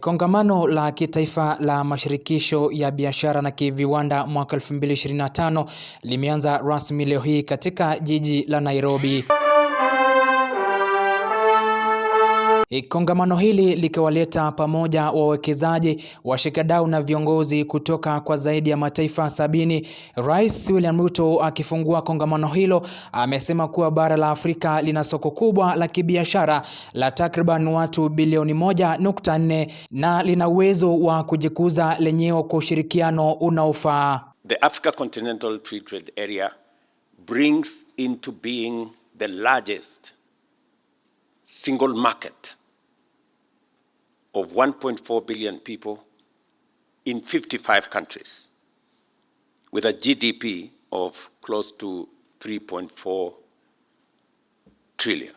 Kongamano la kitaifa la mashirikisho ya biashara na kiviwanda mwaka 2025 limeanza rasmi leo hii katika jiji la Nairobi. E, kongamano hili likiwaleta pamoja wawekezaji, washikadau na viongozi kutoka kwa zaidi ya mataifa sabini. Rais William Ruto akifungua kongamano hilo amesema kuwa bara la Afrika lina soko kubwa la kibiashara la takriban watu bilioni moja nukta nne na lina uwezo wa kujikuza lenyewe kwa ushirikiano unaofaa. The Africa Continental Free Trade Area brings into being the largest single market of 1.4 billion people in 55 countries, with a GDP of close to 3.4 trillion.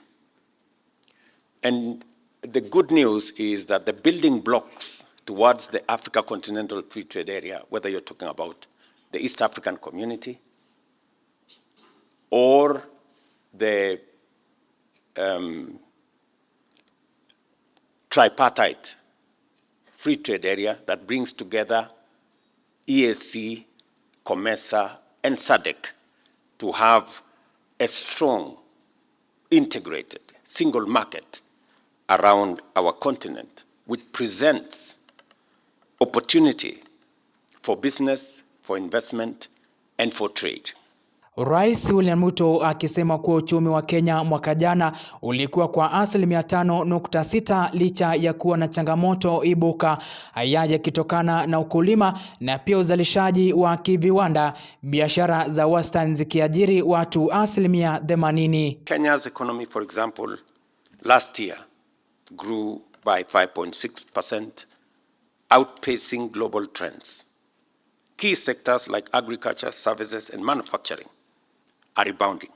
And the good news is that the building blocks towards the Africa Continental Free Trade Area, whether you're talking about the East African Community or the um, tripartite free trade area that brings together EAC, COMESA, and SADC to have a strong, integrated single market around our continent, which presents opportunity for business, for investment, and for trade. Rais William Ruto akisema kuwa uchumi wa Kenya mwaka jana ulikuwa kwa asilimia tano nukta sita licha ya kuwa na changamoto ibuka, haya kitokana na ukulima na pia uzalishaji wa kiviwanda, biashara za wastani zikiajiri watu asilimia themanini. Kenya's economy for example last year grew by 5.6% outpacing global trends. Key sectors like agriculture, services and manufacturing are rebounding.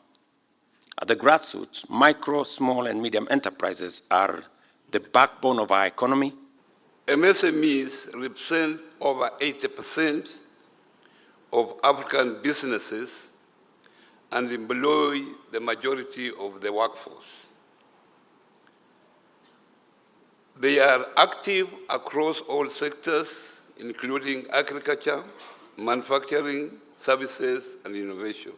At the grassroots, micro, small, and medium enterprises are the backbone of our economy. MSMEs represent over 80% of African businesses and employ the majority of the workforce. They are active across all sectors, including agriculture, manufacturing, services, and innovation.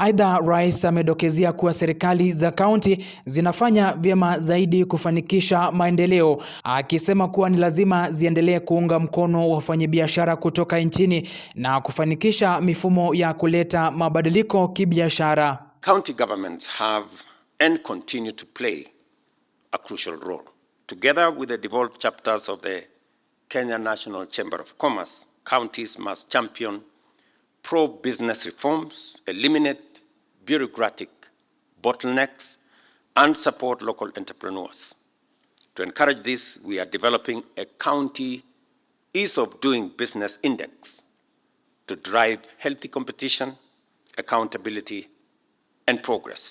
Aidha, rais amedokezea kuwa serikali za kaunti zinafanya vyema zaidi kufanikisha maendeleo, akisema kuwa ni lazima ziendelee kuunga mkono wafanyabiashara kutoka nchini na kufanikisha mifumo ya kuleta mabadiliko kibiashara. County governments have and continue to play a crucial role together with the devolved chapters of the Kenya National Chamber of Commerce. Counties must champion pro-business reforms, eliminate bureaucratic bottlenecks and support local entrepreneurs. To encourage this, we are developing a county ease of doing business index to drive healthy competition, accountability, and progress.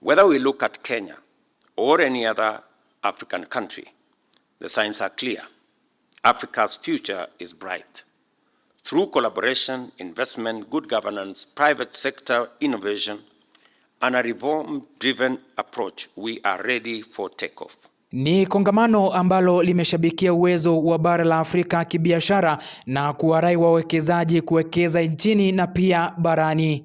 Whether we look at Kenya or any other African country, the signs are clear. Africa's future is bright through collaboration, investment, good governance, private sector innovation, and a reform-driven approach, we are ready for takeoff. Ni kongamano ambalo limeshabikia uwezo wa bara la Afrika kibiashara na kuwarai wawekezaji kuwekeza nchini na pia barani.